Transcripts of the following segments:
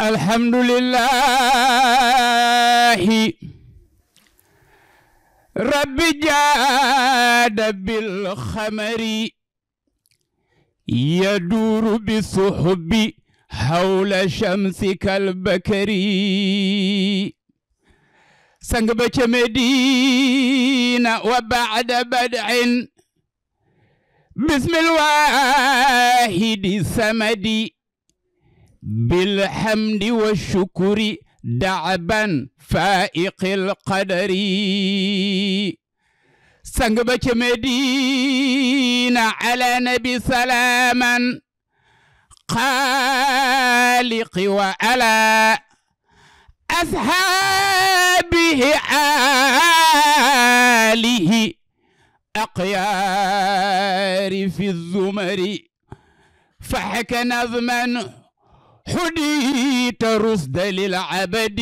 الحمد لله رب جاد بالخمر يدور بالصحب حول شمسك البكري سنقبة مدينة وبعد بدع بسم الواحد الصمد بالحمد والشكر دعبا فائق القدر سنجبك مدينة على نبي سلاما خالق وعلى أصحابه آله أقيام في الزمر فحك نظما حديت رصد للعبد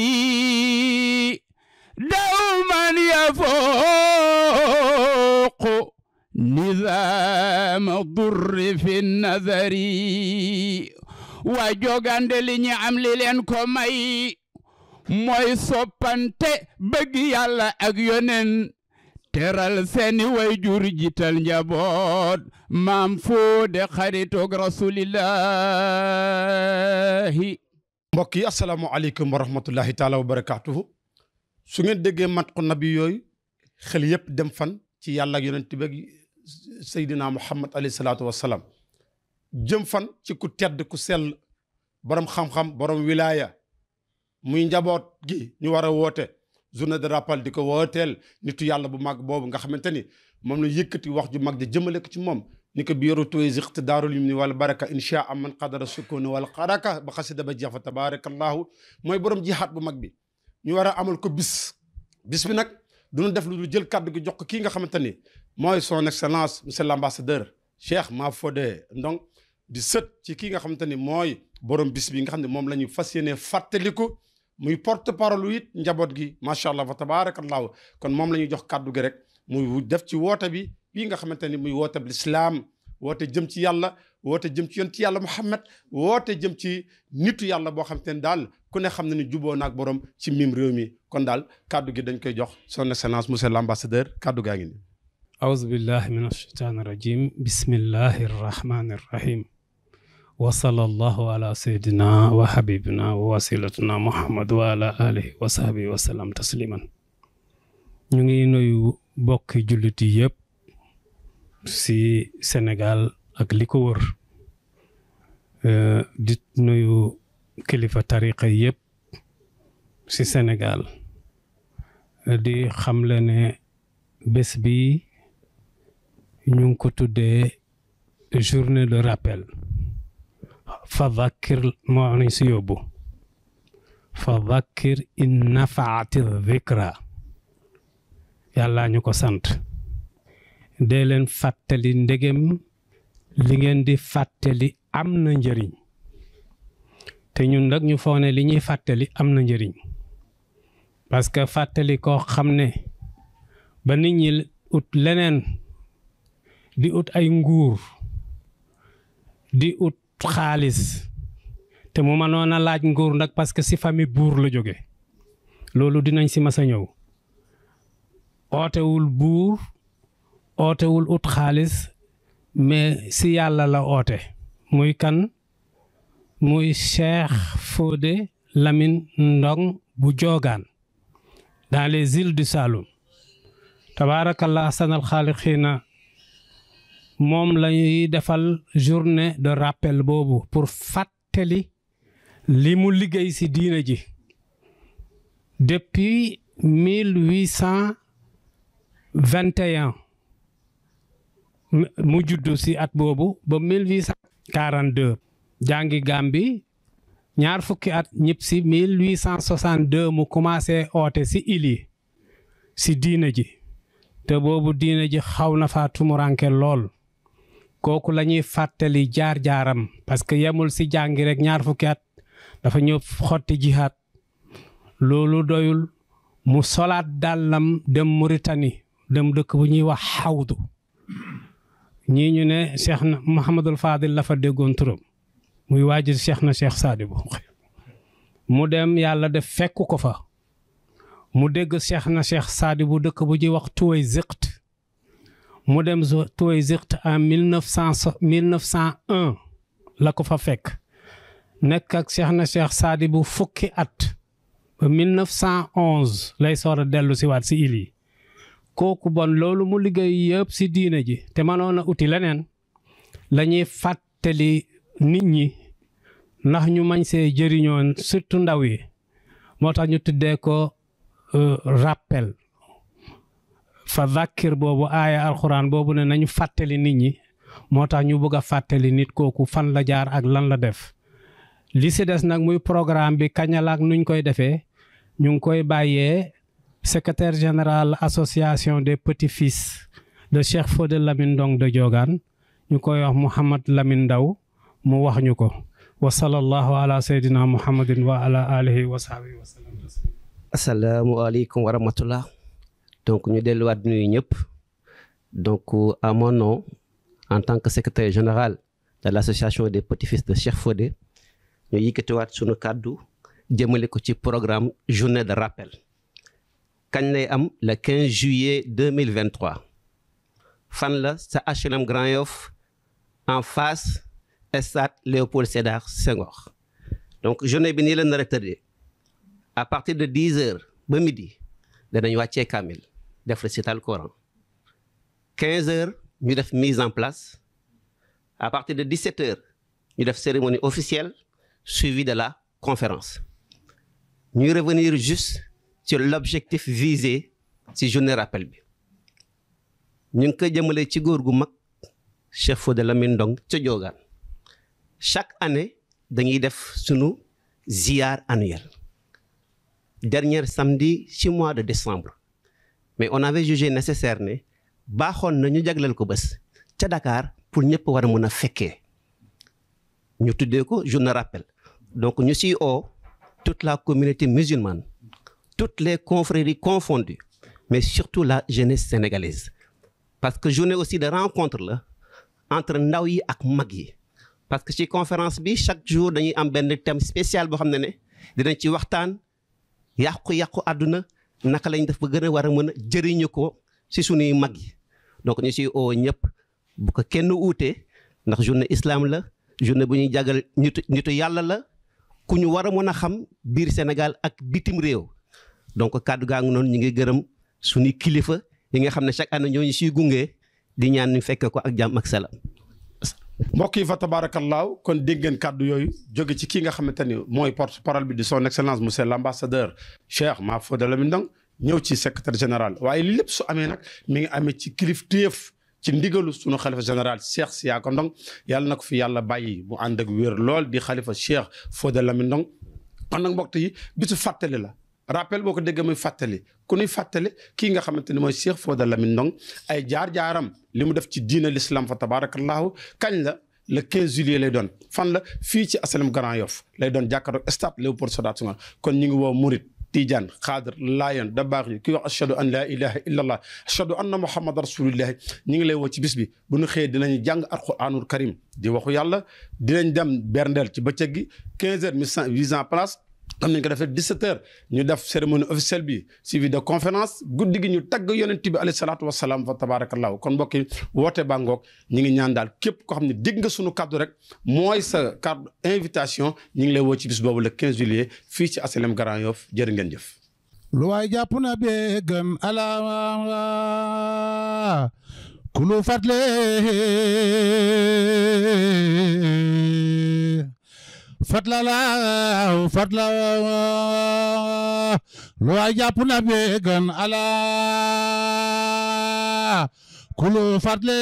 دوما يفوق نظام الضر في النذر وجوغاند لي ني ام لي لين كو ماي موي سوبانتي بغي يالا اك يونن teral seeni way jur jital njaboot maam Fodé xaritoog rasulillahi mbokk yi asalaamaaleykum wa rahmatullahi taala wa barakaatuhu su ngeen déggee matku nabi yooyu xel yëpp dem fan ci yàlla ak yonent bi ak Seydina Muhammad alayhi salaatu wa salaam fan ci ku tedd ku sell borom xam-xam borom wilaaya muy njaboot gi ñu war a woote. journée de rappel di ko wooteel nitu yàlla bu mag boobu nga xamante ni moom la yëkkati wax ju mag ja jëmale ko ci moom ni ko biyoru tuwe zixt daarul yum ni wala baraka insha am man qadara sukkoon wala xaraka ba xasida ba jeex fa tabarakallahu mooy borom jihaat bu mag bi ñu war a amal ko bis bis bi nag duñu def lu jël kàddu gi jox ko kii nga xamante ni mooy son excellence monsieur l'ambassadeur Cheikh Mafodé Ndong di sët ci ki nga xamante ni mooy borom bis bi nga xam ne moom la ñu fas yéene fàttaliku muy porte parole it njaboot gi macha allah fa tabaarakallahu kon moom la ñuy jox kàddu gi rek muy def ci woote bi bii nga xamante ni muy woote bi lislaam woote jëm ci yàlla woote jëm ci yonent yàlla muhammad woote jëm ci nitu yàlla boo xam te ne daal ku ne xam na ni juboo naag borom ci mim réew mi kon daal kaddu gi dañ koy jox son excellence monsieur l'ambassadeur kaddu gaa ngi ni aouzu billahi min ashaytaani wa sallallahu ala sayyidina wa habibina wa wasilatuna muhammad wa ala wa sahbihi wa sallam tasliman ñu ngi nuyu bokki jullit yi yëpp si Sénégal ak li ko wër eh, di nuyu kilifa tariqa yëpp ci senegal eh, di xamle ne bés bi ñu ngi ko tuddee journée de rappel fa dhakkir moo ni si yóbbu fa dhakkir in nafaati dhikra yàlla ñu ko sant dee leen fàttali ndegem li ngeen di fàttali am na njëriñ te ñun nag ñu foog ne li ñuy fàttali am na njëriñ parce que fàttali koo xam ne ba nit ñi ut leneen di ut ay nguur di ut xaalis te mu mënoon a laaj nguur nag parce que si famille buur la jóge loolu dinañ si mas a ñëw ootewul buur ootewul ut xaalis mais si yàlla la oote muy kan muy Cheikh Fodé Lamine Ndong bu joogaan dans les îles du Saloum tabaarakallah sanal xaaliqiina moom lañuy defal journée de rappel boobu pour fàttali li mu liggéey ci diina ji depuis mille huit cent mu juddu ci at boobu ba mille huit cent quarante deux ñaar fukki at ñëpp ci mille huit cent soixante mu commencé oote ci ili ci diina ji te boobu diina ji xaw nafa fa tumuranke lool kooku la ñuy fàttali jaar-jaaram parce que yemul si jàngi rek ñaar fukki at dafa ñëw xotti jihaat loolu doyul mu solaat dàllam dem Mauritanie dem dëkk bu ñuy wax xawdu ñii ñu ne Cheikh na Mouhamadul Fadil la fa déggoon turam muy waajur Cheikh na Cheikh Sadibou mu dem yàlla def fekku ko fa mu dégg Cheikh na Cheikh Sadibou dëkk bu ñuy wax Tuway Ziqt mu dem Tuwaysirte en mille neuf mille neuf cent un la ko fa fekk nekk ak Cheikh na Cheikh Saadi bu fukki at ba mille neuf lay soor a dellu si waat si il yi kooku bon loolu mu liggéey yëpp si diine ji te manoon a uti leneen la ñuy fàttali nit ñi ndax ñu mañsee jëriñoo surtout ndaw yi moo tax ñu tuddee ko euh, rappel fa zakkir boobu aaya alxuraan boobu ne nañu fàttali nit ñi moo tax ñu bëgg a fàttali nit kooku fan la jaar ak lan la def li si des nag muy programme bi kañalaak nuñ koy defee ñu ngi koy bàyyee secrétaire général association des petits-fils de Cheikh Fodé Lamine Ndong de Diogane ñu koy wax Mouhamad Lamine Ndaw mu wax ñu ko wa sallallahu ala sayyidina muhammadin wa ala alihi wa sahbihi wa sallam asalaamu wa rahmatullah donc ñu delluwaat nuyu ñëpp donc à mon nom en tant que secretaire général de l' association des petits de Cheikh Fodé ñu yëkkatiwaat suñu kàddu jëmale ko ci programme journée de rappel kañ lay am le 15 juillet 2023 fan la sa HLM Grand Yoff en face stade Léopold Sédar Senghor donc journée bi nii la nar a à partir de 10 heures ba midi danañ wàccee kaamil def récital Coran 15 heures ñu def mise en place à partir de 17 heures ñu def cérémonie officielle suivie de la conférence ñuy revenir juste ci l'objectif visé ci journée rappel bi ñu ngi koy jëmale ci góor gu mag Cheikh Fodé Lamine Ndong ca Diogaan chaque année dañuy def sunu ziar annuel dernier samedi ci mois de décembre mais on avait jugé nécessaire ne baaxoon na ñu jagleel ko bés ca Dakar pour ñëpp war a mën a fekkee ñu tuddee ko journée rappel donc ñu siy oo toute la communauté musulmane toutes les confréries confondues mais surtout la jeunesse sénégalaise parce que journée aussi de rencontre la entre ndaw yi ak mag yi parce que ci conférence bi chaque jour dañuy am benn thème spécial boo xam ne ne dinañ ci waxtaan yàqu-yàqu àdduna naka lañ def ba gën a war a mën a jëriñu ko si suñuy mag yi donc ñu si oo ñëpp bu ko kenn uutee ndax journée islaam la journée bu ñuy jagal ñu ñitu yàlla la ku ñu war a mën a xam biir Sénégal ak bitim réew donc kàddu gaa ngi noonu ñu ngi gërëm suñuy kilifa yi nga xam ne chaque année ñoo ñu siy gunge di ñaan ñu fekkee ko ak jàmm ak salaam. mbokk yi fa tabaarakallaahu kon dégg ngeen kàddu yooyu jóge ci kii nga xamante ni mooy porte parole bi di son excellence monsieur l' ambassadeur Cheikh Mame Fodé Lamine Ndong ñëw ci secretaire général waaye li su amee nag mi ngi amee ci kilifteef ci ndigalu sunu xalifa général Cheikh Siyaaka Ndong yàlla na ko fi yàlla bàyyi mu ànd ak wér lool di xalifa Cheikh Fodé Lamine Ndong kon nag mbokk yi bisu fàttali la rappel boo ko déggee muy fàttali ku ñuy fàttali kii nga xamante ni mooy Cheikh Fodé Lamine Ndong ay jaar-jaaram li mu def ci diina fa tabarakallahu kañ la le 15 juillet lay doon fan la fii ci asalam Grand Yoff lay doon jàkkaarloog stade Léopold Sédar Senghor kon ñu ngi woo Murit Tijaan Xaadir Laayen Dabaax yi ki wax ashadu an laa ilaha illa allah ashadu anna muhammad rasulillahi ñu ngi lay woo ci bis bi bu ñu xëyee dinañu jàng alquraanul karim di waxu yàlla dinañ dem am nañ ko defee 17 heures ñu def cérémonie officielle bi suivi de conférence guddi gi ñu tagg yonent bi alayhi salaatu wasalaam fa tabarakallahu kon mbokk yi woote bàngoog ñi ngi ñaan daal képp koo xam ne dégg nga sunu kaddu rek mooy sa kaddu invitation ñi ngi lay woo ci bis boobu le 15 juillet fii ci HLM Grand Yoff jërë ngeen jëf lu waay jàpp na bee gëm ala kulu fatle fadla la fadla lu waay na bee gën ala kulu fadle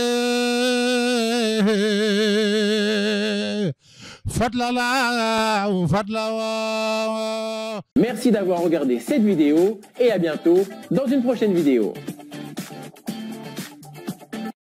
fadla la fadla merci d'avoir regardé cette vidéo et à bientôt dans une prochaine vidéo